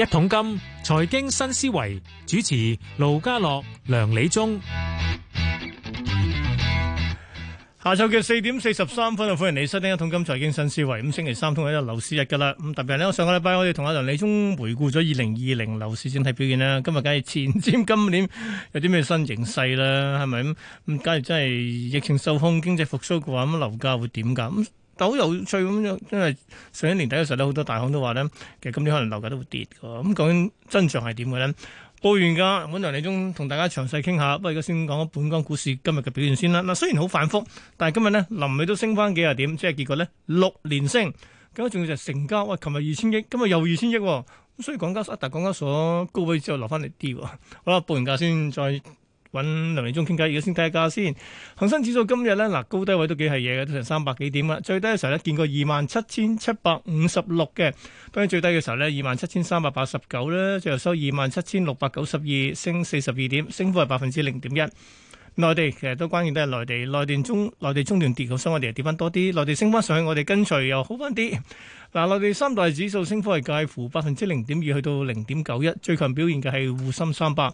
一桶金財經新思維主持盧家樂、梁理中，下晝嘅四點四十三分啊！歡迎你收聽一桶金財經新思維》。咁星期三同樣都係樓市日噶啦。咁特別呢，我上個禮拜我哋同阿梁理中回顧咗二零二零樓市整體表現啦。今日梗係前瞻今年有啲咩新形勢啦？係咪咁？咁假如真係疫情受控、經濟復蘇嘅話，咁樓價會點咁？就好有趣咁樣，因為上一年底嘅時候咧，好多大行都話咧，其實今年可能樓價都會跌嘅。咁究竟真相係點嘅咧？報完價，我梁理中同大家詳細傾下。不過而家先講本港股市今日嘅表現先啦。嗱，雖然好反覆，但係今日咧臨尾都升翻幾廿點，即係結果咧六連升。咁仲要就成交，喂，琴日二千億，今日又二千億，哦。咁所以港交所，但係港交所高位之後落翻嚟跌。好啦，報完價先再。揾梁理中傾偈，而家先睇下價先。恒生指數今日咧，嗱，高低位都幾係嘢嘅，都成三百幾點啦。最低嘅時候咧，見過二萬七千七百五十六嘅。當然最低嘅時候咧，二萬七千三百八十九啦。最後收二萬七千六百九十二，升四十二點，升幅係百分之零點一。內地其實都關鍵都係內地內電中內地中段跌嘅，所以我哋又跌翻多啲。內地升翻上去，我哋跟隨又好翻啲。嗱，內地三大指數升幅係介乎百分之零點二去到零點九一，最強表現嘅係滬深三百。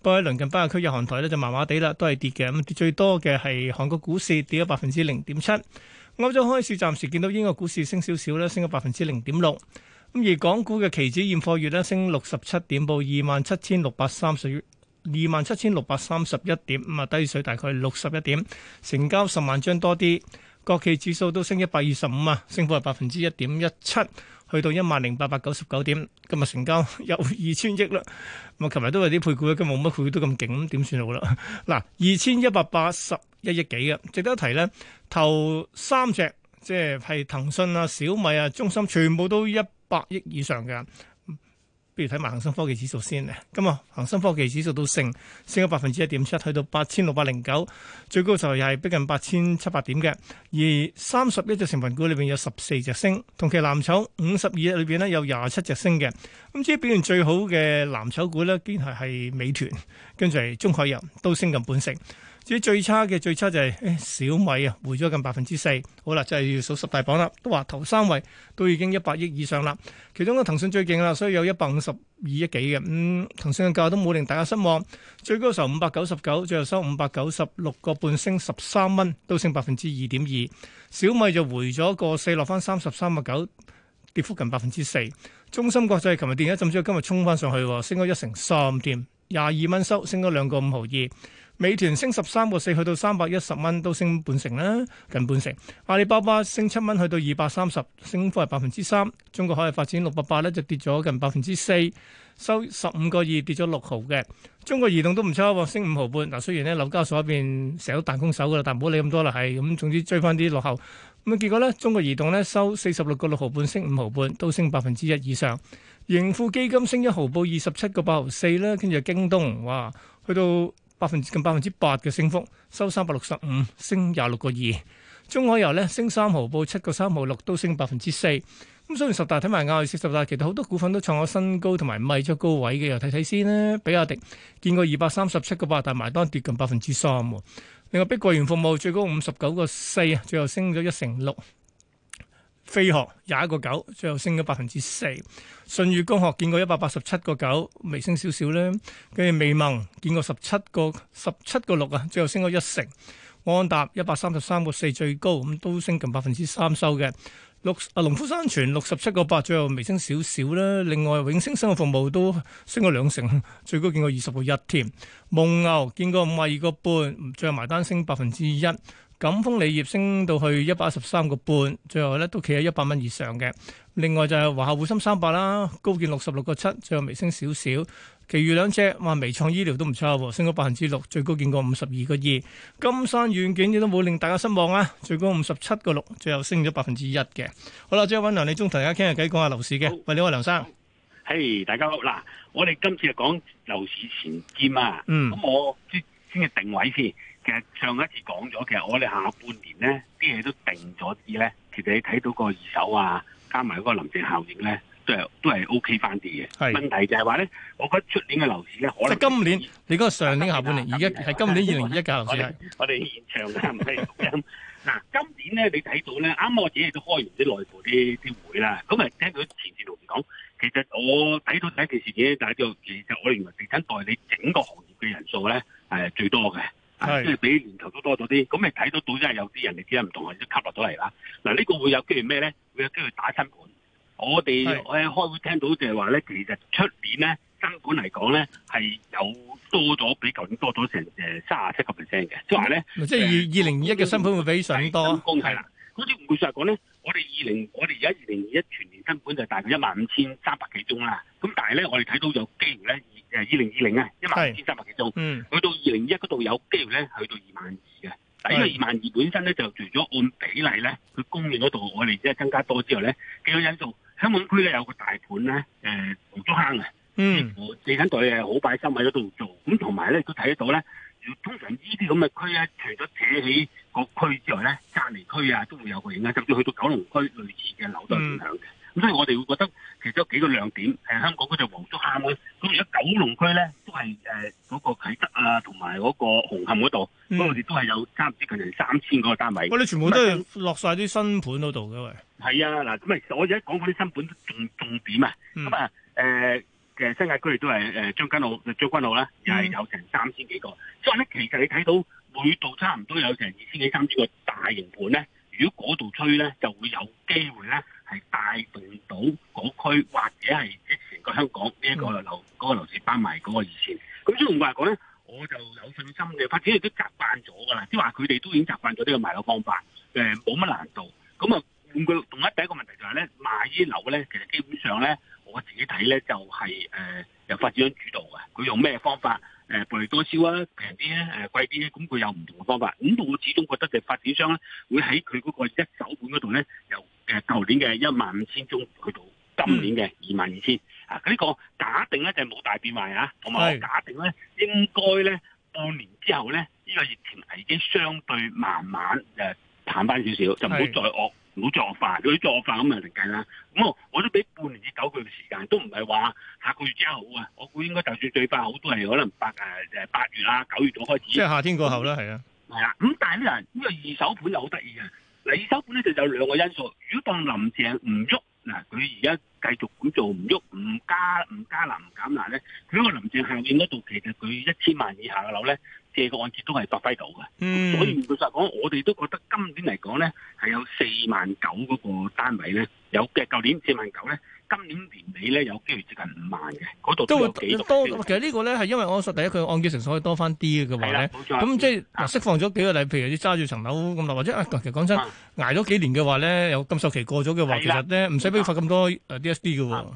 不過喺鄰近巴亞區日韓台咧就麻麻地啦，都係跌嘅。咁跌最多嘅係韓國股市跌咗百分之零點七。歐洲開市暫時見到英國股市升少少咧，升咗百分之零點六。咁而港股嘅期指現貨月呢，升六十七點，報二萬七千六百三十，二萬七千六百三十一點。咁啊低水大概六十一點。成交十萬張多啲。國企指數都升一百二十五啊，升幅係百分之一點一七。去到一萬零八百九十九點，今日成交有二千億啦。咁啊，琴日都有啲配股啊，咁今日冇乜配股都咁勁，咁點算好啦？嗱，二千一百八十一億幾啊，值得一提咧。頭三隻即係係騰訊啊、小米啊、中芯，全部都一百億以上㗎。不如睇埋恒生科技指數先咧，咁啊，恒生科技指數都升，升咗百分之一點七，去到八千六百零九，最高時候又係逼近八千七百點嘅。而三十隻成分股裏邊有十四隻升，同期藍籌五十二隻裏邊咧有廿七隻升嘅。咁至於表現最好嘅藍籌股咧，堅係係美團，跟住係中海油都升近半成。至於最差嘅，最差就係、是哎、小米啊，回咗近百分之四。好啦，就係要數十大榜啦，都話頭三位都已經一百億以上啦。其中嘅騰訊最勁啦，所以有一百五十二億幾嘅。咁、嗯、騰訊嘅價都冇令大家失望，最高嘅時候五百九十九，最後收五百九十六個半，升十三蚊，都升百分之二點二。小米就回咗個四落翻三十三個九，跌幅近百分之四。中芯國際琴日跌一浸之後，今日衝翻上去，升咗一成三添，廿二蚊收，升咗兩個五毫二。美團升十三個四，去到三百一十蚊，都升半成啦，近半成。阿里巴巴升七蚊，去到二百三十，升幅係百分之三。中國海外發展六百八咧就跌咗近百分之四，收十五個二，跌咗六毫嘅。中國移動都唔差喎，升五毫半。嗱，雖然咧紐交所一邊成日都彈弓手噶啦，但唔好理咁多啦，係咁。總之追翻啲落後。咁結果咧，中國移動咧收四十六個六毫半，升五毫半，都升百分之一以上。盈富基金升一毫半，二十七個八毫四咧，跟住係京東，哇，去到。百分之近百分之八嘅升幅，收三百六十五，升廿六個二。中海油咧升三毫，報七個三毫六，都升百分之四。咁雖然十大睇埋亞視十大，其實好多股份都創咗新高，同埋賣咗高位嘅，又睇睇先啦。比亞迪見過二百三十七個八，但埋單跌近百分之三。另外，碧桂園服務最高五十九個四啊，最後升咗一成六。飛鶴廿一個九，最後升咗百分之四。舜宇光學見過一百八十七個九，微升少少咧。跟住微盟見過十七個十七個六啊，最後升咗一成。安達一百三十三個四最高，咁都升近百分之三收嘅。六啊，農夫山泉六十七個八，最後微升少少咧。另外永升生活服務都升咗兩成，最高見過二十個一添。蒙牛見過五十二個半，最後埋單升百分之一。錦豐鋰業升到去一百十三個半，最後咧都企喺一百蚊以上嘅。另外就係華夏滬深三百啦，高見六十六個七，最後微升少少。其餘兩隻，哇，微創醫療都唔錯，升咗百分之六，最高見過五十二個二。金山軟件亦都冇令大家失望啊，最高五十七個六，最後升咗百分之一嘅。好啦，最後搵梁李忠同大家傾下偈，講下樓市嘅。喂，你好啊，梁生。嘿，hey, 大家好。嗱，我哋今次就講樓市前瞻啊。嗯。咁我。先去定位先。其實上一次講咗，其實我哋下半年咧啲嘢都定咗啲咧。其實你睇到個二手啊，加埋嗰個臨時效應咧，都係都係 OK 翻啲嘅。是問題就係話咧，我覺得出年嘅樓市咧，可能。即係今年，你嗰個上年下半年，而家係今年二零二一嘅，我哋我哋現場嘅唔係咁樣。嗱， 今年咧你睇到咧，啱我自己都開完啲內部啲啲會啦。咁啊，聽到前次同你講，其實我睇到第一件事嘅，就係就其實我認為地產代理整個行業嘅人數咧。係最多嘅，即係是、啊、比年頭都多咗啲，咁你睇到到真係有啲人哋啲唔同啊，都吸落咗嚟啦。嗱，呢個會有機會咩咧？會有機會打新盤。我哋喺是開會聽到就係話咧，其實出年咧新盤嚟講咧係有多咗，比舊年多咗成誒三十七個 percent 嘅。呃、呢即係話咧，即係二二零二一嘅新盤會比上多。嗯嗰啲唔會說實講咧，我哋二零我哋而家二零二一全年根本就大概一萬五千三百幾宗啦。咁但係咧，我哋睇到有機會咧，二二零二零啊一萬五千三百幾宗，去到二零二一嗰度有機會咧，去到二萬二嘅。但係因為二萬二本身咧就除咗按比例咧，佢供應嗰度我哋即係增加多之後咧，幾個因素，香港區咧有個大盤咧，誒、呃，黃竹坑啊，嗯，地產代理好擺心喺嗰度做，咁同埋咧都睇到咧，通常呢啲咁嘅區咧，除咗扯起。個區之外咧，隔籬區啊，都會有個影響，甚至去到九龍區類似嘅樓都係影響嘅。咁、嗯、所以我哋會覺得，其實有幾個亮點，係、呃、香港嗰隻黃竹坑嘅。咁而家九龍區咧，都係誒嗰個啟德啊，同埋嗰個紅磡嗰度，咁我哋都係有差唔多接近三千個單位。我、啊、你全部都係落晒啲新盤嗰度嘅喎？係是啊，嗱，咁啊，我而家講嗰啲新盤重重點啊，咁啊、嗯、誒嘅、呃、新界區亦都係誒將軍澳、將軍澳啦，又、就、係、是、有成三千幾個。嗯、所以咧，其實你睇到。每度差唔多有成二千幾、三千個大型盤咧，如果嗰度吹咧，就會有機會咧，係帶動到嗰區，或者係成個香港呢一個樓嗰、嗰個樓市翻埋嗰個熱錢。咁所以我話嚟講咧，我就有信心嘅。發展亦都習慣咗噶啦，即話佢哋都已經習慣咗呢個賣樓方法，冇、呃、乜難度。咁啊，咁佢同一第一個問題就係咧，賣啲樓咧，其實基本上咧，我自己睇咧就係、是、誒、呃、由發展商主導嘅，佢用咩方法？誒薄利多銷啊，平啲咧，誒、啊、貴啲咧，咁佢有唔同嘅方法。咁我始終覺得就發展商咧，會喺佢嗰個一手盤嗰度咧，由誒舊年嘅一萬五千宗去到今年嘅二萬二千。嗯、啊，呢、這個假定咧就冇、是、大變壞啊，同埋假定咧是應該咧半年之後咧，呢、這個疫情已經相對慢慢誒淡翻少少，就唔好再惡。唔好作法，佢啲作法咁咪嚟計啦。咁我都俾半年至九個月時間，都唔係話下個月之後好啊。我估應該就算最快好都係可能八誒誒八月啦，九月度開始。即係夏天過後啦，係啊，係啊。咁但係呢？嗱，呢個二手盤又好得意嘅。嗱，二手盤咧就有兩個因素。如果當林鄭唔喐嗱，佢而家繼續咁做唔喐，唔加唔加難唔減難咧，咁個林鄭後面嗰度其實佢一千萬以下嘅樓咧。嘅個按揭都係發揮到嘅，所以其實講我哋都覺得今年嚟講咧，係有四萬九嗰個單位咧，有嘅舊年四萬九咧，今年年尾咧有機會接近五萬嘅，嗰度都會幾多。其實呢個咧係因為我實第一個按揭成數可以多翻啲嘅話咧，冇錯，咁即係嗱釋放咗幾個例，譬如你揸住層樓咁咯，或者啊，其實講真，挨咗幾年嘅話咧，有禁售期過咗嘅話，其實咧唔使俾佢發咁多誒 D S D 嘅喎。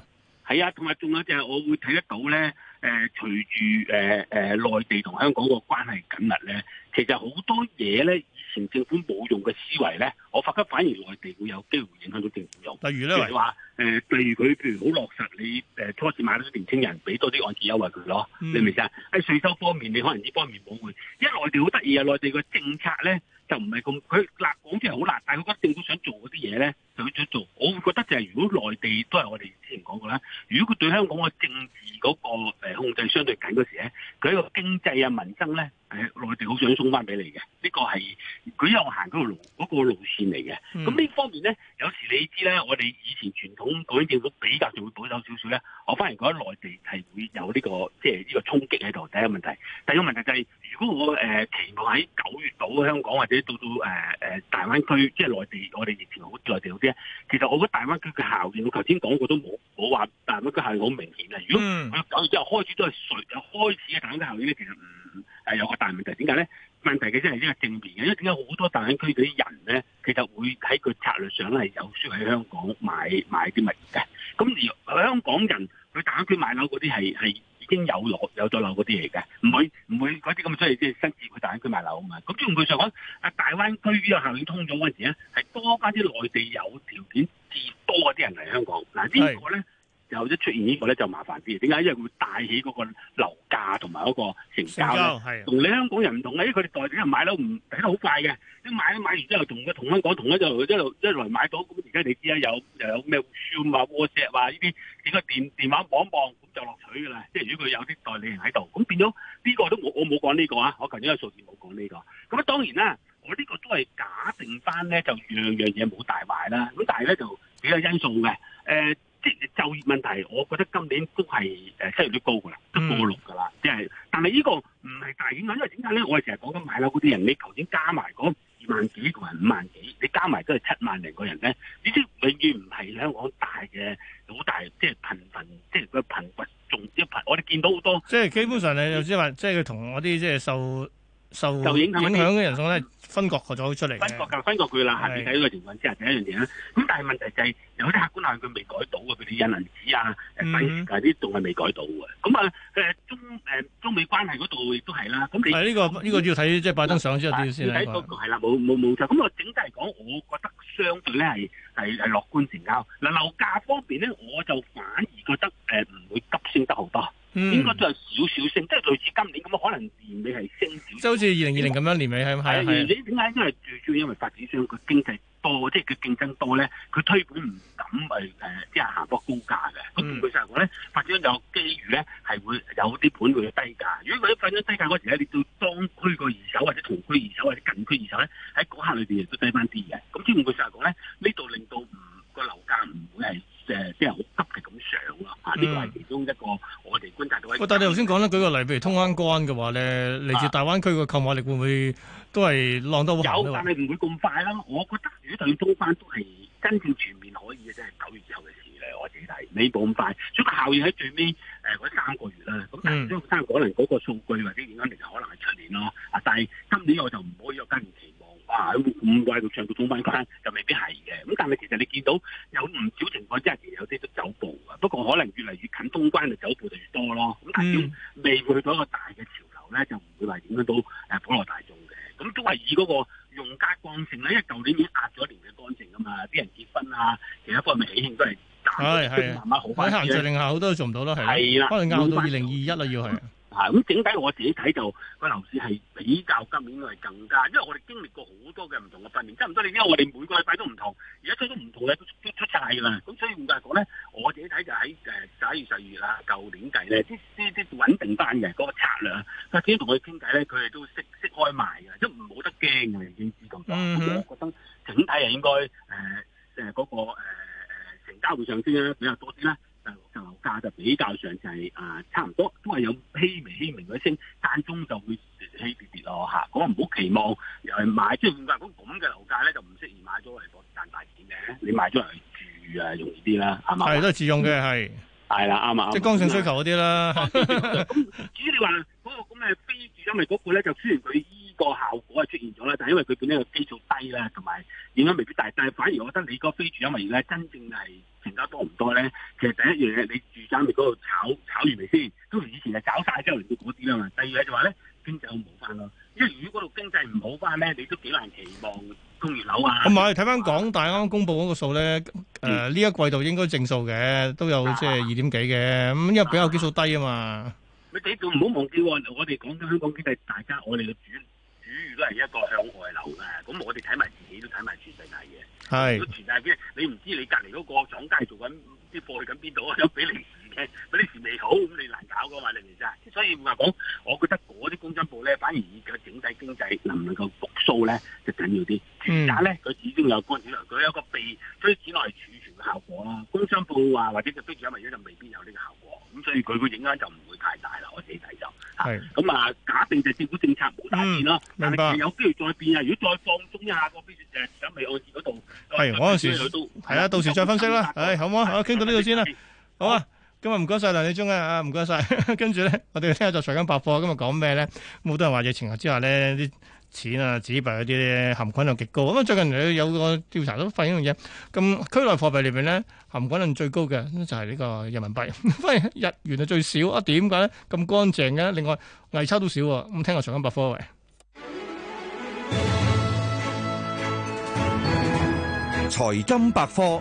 係啊，同埋仲有就係我會睇得到咧。誒、呃、隨住誒誒內地同香港個關係緊密咧，其實好多嘢咧，以前政府冇用嘅思維咧，我發覺反而內地會有機會影響到政府用。例如咧，譬如話例、呃嗯、如佢譬如好落實你，你、呃、誒初次買咗啲年青人，俾多啲按揭優惠佢咯，你明唔明先啊？喺稅收方面，你可能呢方面冇嘅，因為內地好得意啊，內地個政策咧就唔係咁，佢嗱講出嚟好難，但係佢覺得政府想做嗰啲嘢咧。佢做，我會覺得就係如果內地都係我哋之前講過啦，如果佢對香港嘅政治嗰個控制相對緊嗰時咧，佢一個經濟啊民生咧，誒內地好想送翻俾你嘅，呢、這個係佢有行嗰條路嗰、那個路線嚟嘅。咁呢、嗯、方面咧，有時你知咧，我哋以前傳統港英政府比較就會保守少少咧，我反而覺得內地係會有呢、這個即係呢個衝擊喺度。第一個問題，第二個問題就係、是、如果我、呃、期望喺九月到香港或者到到、呃呃、大灣區，即、就、係、是、內地，我哋以前好內地。其實我覺得大灣區嘅效應，我頭先講過都冇冇話大灣區效應好明顯嘅。如果我九月之後開始都係純開始嘅大灣區效應咧，其實唔係、嗯、有一個大問題。點解咧？問題嘅真係一個正面嘅，因為點解好多大灣區嗰啲人咧，其實會喺佢策略上咧係有需喺香港買買啲物業嘅。咁而香港人去大灣區買樓嗰啲係係。已經有落有咗樓嗰啲嚟嘅，唔會唔會嗰啲咁出嚟，即係新置嘅大灣區買樓啊嘛。咁即係用句講，阿大灣區呢個行應通咗嗰陣時咧，係多返啲內地有條件至多嗰啲人嚟香港。嗱呢個咧又一出現呢個咧就麻煩啲，點解？因為佢會帶起嗰個樓價同埋嗰個成交同你香港人唔同，佢哋代表人買樓唔買得好快嘅，你買買完之後，同佢同香港同一就一路一路買到。咁而家你知啦，有又有咩 WhatsApp 啊呢啲，點、啊啊、個電電話望。落取噶啦，即係如果佢有啲代理人喺度，咁變咗呢個都我我冇講呢個啊，我頭先有、呢個、數字冇講呢個。咁啊當然啦，我呢個都係假定翻咧，就樣樣嘢冇大壞啦。咁但係咧就幾個因素嘅，誒即係就業問題，我覺得今年都係誒失業率都高噶啦，都過六噶啦，即係、嗯就是。但係呢個唔係大影響，因為點解咧？我哋成日講緊買樓嗰啲人，你頭先加埋嗰二萬幾同埋五萬幾，你加埋都係七萬零個人咧，呢啲永遠唔係香港大嘅好大，即係貧即係個貧困。就是頻頻就是頻頻我哋見到好多，即係基本上咧，就即係話，即係佢同我啲即係受受受影響嘅人數咧，分割個咗出嚟。分割嘅，分割佢啦。喺喺呢個情況之下，第一樣嘢咧，咁但係問題就係有啲客觀係佢未改到嘅，譬如印銀紙啊、誒低息啊啲，仲係未改到嘅。咁啊誒中誒中美關係嗰度亦都係啦。咁你係呢個呢個要睇即係拜登上咗之後點先係。睇個係啦，冇冇冇錯。咁我整體嚟講，我覺得相對咧係係係樂觀成交。嗱樓價方面咧，我就。應該都有少少升，即係類似今年咁樣，可能年尾係升少少。即係好似二零二零咁樣，年尾係咪係啊？係啊，係啊，係啊，你點解，因為最主要因為發展商個經濟多，即係佢競爭多咧。呢個係其中一個我哋觀察到。喂，但你頭先講啦，舉個例，譬如通關關嘅話咧，嚟自大灣區嘅購買力會唔會都係浪得？有，但係唔會咁快啦。我覺得如果對佢通翻都係真正全面可以嘅，即係九月之後嘅事咧。我自己睇，未必咁快，所以個效應喺最尾誒嗰三個月啦。咁但係三個可能嗰個數據或者影響力可能係出年咯。啊，但係今年我就唔可以跟住前。啊！唔係到唱到通關就未必係嘅。咁但係其實你見到有唔少情況之下，其實有啲都走步嘅，不過可能越嚟越近通關就走步就越多咯。咁但係未去到一個大嘅潮流咧，就唔會話影響到誒普羅大眾嘅。咁都係以嗰個用家剛性咧，因為舊年已經壓咗年嘅剛性啊嘛，啲人結婚啊，其他嗰啲咪喜慶都係慢慢好翻嘅。限聚令下好多都做唔到咯，係啦，可能壓到二零二一啦，要係。啊，咁整體我自己睇就個樓市係比較今年係更加，因為我哋經歷過好多嘅唔同嘅訓練，差唔多你因為我哋每個禮拜都唔同，而家出咗唔同嘅都出曬噶啦，咁所以換句話講咧，我自己睇就喺誒十一月十二月啊，舊年計咧啲啲啲穩定翻嘅嗰個策略，啊，只要同佢傾偈咧，佢哋都識識開賣嘅，即係唔冇得驚嘅已經知道咗。嗯，我覺得整體係應該誒誒嗰個誒誒成交會上升咧比較多啲啦。就比較上就係，是，啊、呃，差唔多都係有輕微輕微嗰啲升，間中就會跌跌跌咯嚇。講唔好期望又係買，即係點講？咁咁嘅樓價咧，就唔適宜買咗嚟攞嚟賺大錢嘅。你買咗嚟住啊，容易啲啦，係嘛對？係吧都係自用嘅，係係啦，啱啱啦，即係剛性需求嗰啲啦。咁啦 至於你話嗰，那個咁嘅非住，因為嗰部分咧就雖然佢依個效果係出現咗啦，但係因為佢本身個基數低啦，同埋影響未必大。但係反而我覺得你嗰個非住，因為而家真正係成交多唔多咧，其實第一樣嘢你。加埋嗰度炒炒完咪先，咁以前就搞曬之後嚟到嗰啲啊嘛。第二嘢就話咧，經濟好唔好翻咯？因為如果嗰度經濟唔好翻咧，你都幾難期望供月樓啊。唔係睇翻港大啱啱公布嗰個數咧，誒呢一季度應該正數嘅，都有即係二點幾嘅。咁因為比較基數低啊嘛。你哋仲唔好忘記，我我哋講緊香港經濟，大家我哋嘅主主都係一個向外流嘅，咁我哋睇埋自己都睇埋全世界嘅。係。全世界你唔知你隔離嗰個廠家做緊啲貨去緊邊度啊？有俾你。嗰啲事未好，咁你難搞噶嘛？你其實，所以話講，我覺得嗰啲工商部咧，反而以個整體經濟能唔能夠復蘇咧，就緊要啲。但係咧，佢始終有嗰啲佢有一個備，所以之內儲存嘅效果啦。工商部話或者嘅非主流就未必有呢個效果，咁所以佢嘅影響就唔會太大啦。我自己睇就係咁啊。假定就政府政策冇大變咯，但係，有機會再變啊！如果再放鬆一下個誒，咁嚟我嗰度係嗰陣時係啊，到時再分析啦。係好唔好啊？傾到呢度先啦，好啊。今日唔該晒梁理中啊，唔該晒。跟住咧，我哋聽下就財金百科，今日講咩咧？好多人話疫情之下咧，啲錢啊、紙幣嗰啲含菌量極高。咁最近又有個調查都發現一樣嘢，咁區內貨幣裏邊咧，含菌量最高嘅，就係呢個人民幣。反而日元係最少啊？點解咧？咁乾淨嘅，另外偽鈔都少。咁聽下財金百科喂，財金百科。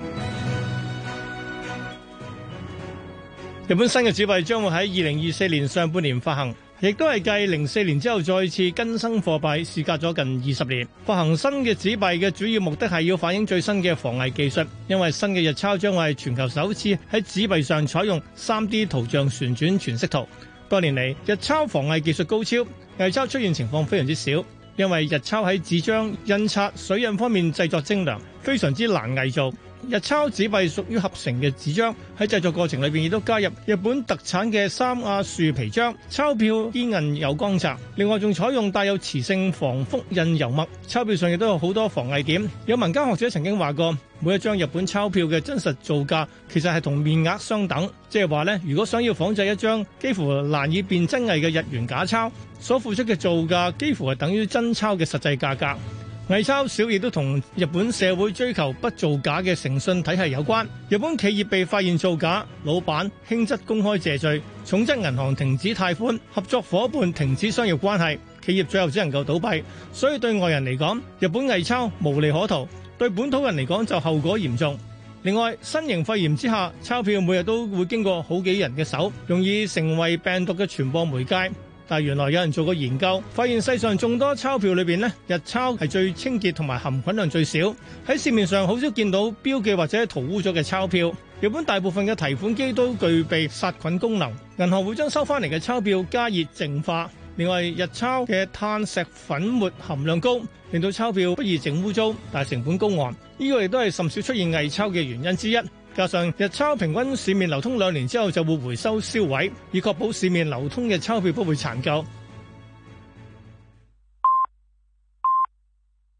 日本新嘅紙幣將會喺二零二四年上半年發行，亦都係繼零四年之後再次更新貨幣，時隔咗近二十年。發行新嘅紙幣嘅主要目的係要反映最新嘅防偽技術，因為新嘅日鈔將會係全球首次喺紙幣上採用 3D 圖像旋轉全息圖。多年嚟，日鈔防偽技術高超，偽鈔出現情況非常之少，因為日鈔喺紙張、印刷、水印方面製作精良，非常之難偽造。日鈔紙幣屬於合成嘅紙張，喺製作過程裏面亦都加入日本特產嘅三亞樹皮張。鈔票堅韌有光澤，另外仲採用帶有磁性防複印油墨。鈔票上亦都有好多防偽點。有民間學者曾經話過，每一張日本鈔票嘅真實造價其實係同面額相等，即係話呢，如果想要仿製一張幾乎難以辨真偽嘅日元假鈔，所付出嘅造價幾乎係等於真鈔嘅實際價格。偽鈔少亦都同日本社會追求不造假嘅誠信體系有關。日本企業被發現造假，老闆輕則公開謝罪，重則銀行停止貸款，合作伙伴停止商業關係，企業最後只能夠倒閉。所以對外人嚟講，日本偽鈔無利可圖；對本土人嚟講就後果嚴重。另外，新型肺炎之下，鈔票每日都會經過好幾人嘅手，容易成為病毒嘅傳播媒介。但原來有人做過研究，發現世上眾多鈔票裏面呢，日鈔係最清潔同埋含菌量最少，喺市面上好少見到標記或者塗污咗嘅鈔票。日本大部分嘅提款機都具備殺菌功能，銀行會將收翻嚟嘅鈔票加熱淨化。另外，日鈔嘅碳石粉末含量高，令到鈔票不易淨污糟，但係成本高昂。呢、這個亦都係甚少出現偽鈔嘅原因之一。加上日鈔平均市面流通兩年之後就會回收銷毀，以確保市面流通嘅鈔票不會殘舊。